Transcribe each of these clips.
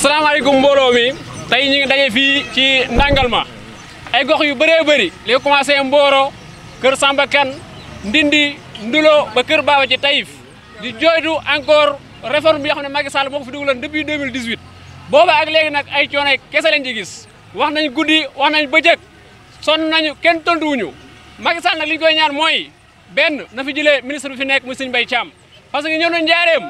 asalaamaaleykum mbooloo mi tey ñu ngi daje fii ci Ndangalma ay gox yu bëree bëri li commencé Mboro kër Samba Kane Ndindi Ndulo ba kër Baba ci Taïf di jooytu encore réforme bi nga xam ne Macky Sall moo ko fi dugaloon depuis 2018 booba ak léegi nag ay coono kese lañ ci gis wax nañu guddi wax nañ bëccëg sonn nañu kenn tontuwuñu Macky Sall nag li ñu koy ñaan mooy benn na fi jëlee ministre bi fi nekk mu Serigne Mbaye Thiam parce que ñëw na njaareem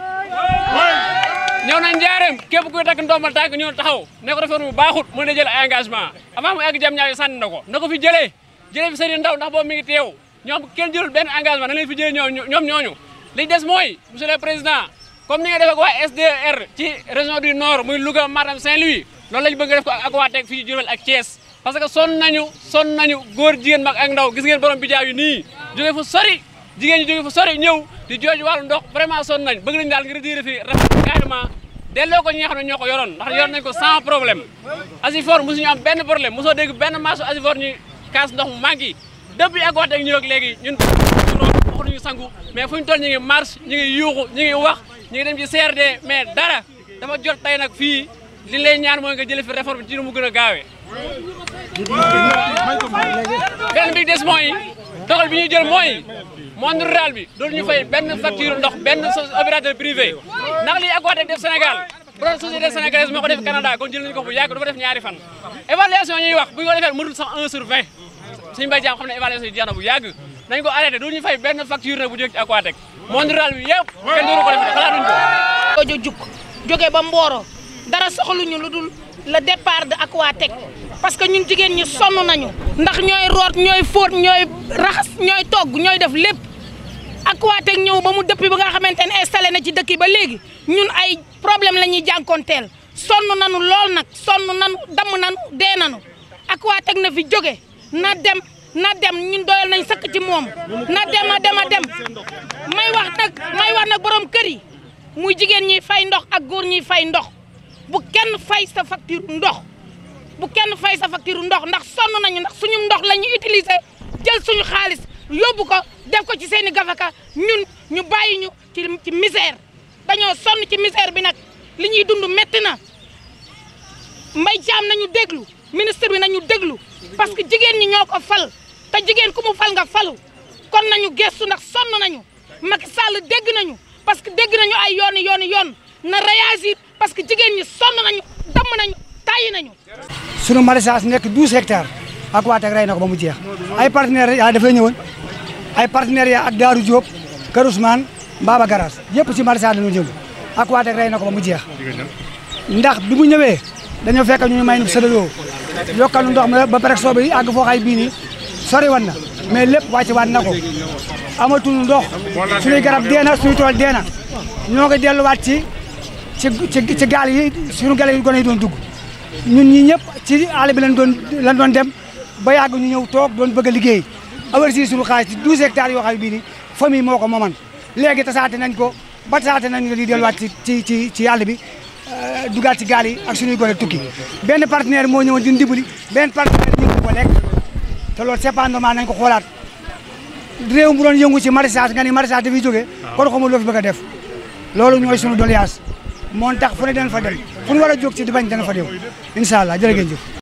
ñëw nañ njaareem képp kuy takk ndombal tànk ñëw taxaw ne ko réforme bu baaxut mën na jël ay engagement avant mu egg jam ñaari sànni na ko na ko fi jëlee jëlee fi sëriñ ndaw ndax boo mi ngi teew ñoom kenn jëlul benn engagement na leen fi jëlee ñoom ñoom ñooñu li des mooy monsieur le président comme ni nga defee ak waa SDR ci région du nord muy Louga Matam Saint-Louis loolu lañ bëgg def ko ak waa teg fii Diourbel ak Thiès parce que sonn nañu sonn nañu góor jigéen mag ak ndaw gis ngeen borom bijaaw yi nii jóge fu sori jigéen ñi jóge fu ñëw di jooju wàllu ndox vraiment son nañ bëgg nañ daal nga retiré fii carrément delloo ko ñi nga xam ne ñoo ko yoroon ndax yor nañ ko sans problème Asifor mosuñu am benn problème mosoo dégg benn maasu Asifor ñu kaas ndox mu manqué depuis ak waxtaan ak ñu ak léegi ñun waxuñu sangu mais fu ñu toll ñu ngi marche ñu ngi yuuxu ñu wax ñu ngi dem ci CRD mais dara dafa jot tey nag fii li lay ñaan mooy nga jëlee fi réforme jir mu gën a gaawee benn bi des mooy dogal bi ñuy jël mooy monde rural bi doolu ñu fay benn facture ndox benn opérateur privé ndax lii Aquatech def Sénégal bu doon société sénégalaise moo ko def Canada kon jël nañu ko bu yàgg dafa def ñaari fan évaluation ñuy wax bu ñu ko defee mënul sax 1 sur 20 jaam xam ne évaluation yi bu yàgg nañ ko arrêté doolu ñu fay benn facture nag bu jóge ci Aquatech monde rural bi yëpp kenn doolu ko def xalaatuñ ko jóge jukk jógee ba Mboro dara soxluñu lu dul le départ de Aquatech parce que ñun jigéen ñi sonn nañu ndax ñooy root ñooy fóot ñooy raxas ñooy togg ñooy def lépp Aquatech ñëw ba mu dëppi ba nga xamante ne installé na ci dëkk yi ba léegi ñun ay problème la ñuy jànkoonteel sonn nañu lool nag sonn nañu damm nañu dee nañu Aquatech na fi jóge na dem na dem ñun doyal nañ sëkk ci moom na dem a dem a dem may wax nag may wax nag borom kër yi muy jigéen ñi fay ndox ak góor ñi fay ndox bu kenn fay sa facture ndox kenn fay sa facture ndox ndax sonn nañu ndax suñu ndox la ñu utiliser jël suñu xaalis yóbbu ko def ko ci seen i gafaka ñun ñu bàyyi ñu ci ci misère dañoo sonn ci misère bi nag li ñuy dund métti na mbay jaam nañu déglu ministre bi nañu déglu parce que jigéen ñi ñoo ko fal te jigéen ku mu fal nga falu kon nañu gestu ndax sonn nañu Macky Sall dëgg nañu parce que dégg nañu ay yoon yooni yoon na réagir parce que jigéen ñi sonn nañu damm nañu tàyyi nañu. sunu maraîchage nekk 12 hectares ak waateeg rey na ko ba mu jeex ay partenaires yaa dafay ñëwoon ay partenaires yaa ak Daaru Diop Kër Ousmane Mbaba Garas yëpp ci maraîchage dañoo jënd ak waateeg rey na ko ba mu jeex ndax bi mu ñëwee dañoo fekk ñu may ñu séddaloo yokkal ndox mi ba pare soobe yi foo xay bii nii sori wan na mais lépp wàcc waat na ko amatul ndox suñuy garab dee na suñuy tool dee na ñoo ngi delluwaat ci. ci ci ci gaal yi suñu gale yi gone yi doon dugg ñun ñi ñëpp ci àll bi lañ doon lañ doon dem ba yàgg ñu ñëw toog doon bëgg liggéey aversi suñu xaalis ci douze hectares yoo xam bii ni famille moo ko mooman ta tasaate nañ ko ba tasaate nañ ko di delluwaat ci ci ci ci àll bi euh, dugaat ci gaal yi ak suñuy gone tukki benn partenaire moo ñëwoon di ndibali benn partenaire ñu ko lekk te loolu cependement nañ ko xoolaat réew mu yëngu ci maraîchage nga ni maraîchage dafay jógee kon xamul loo fi bëgg def loolu ñooy suñu doléance moon tax fu ne dana fa dem fu nu war a jóg di bañ dana fa dem incha allah jërë ngeen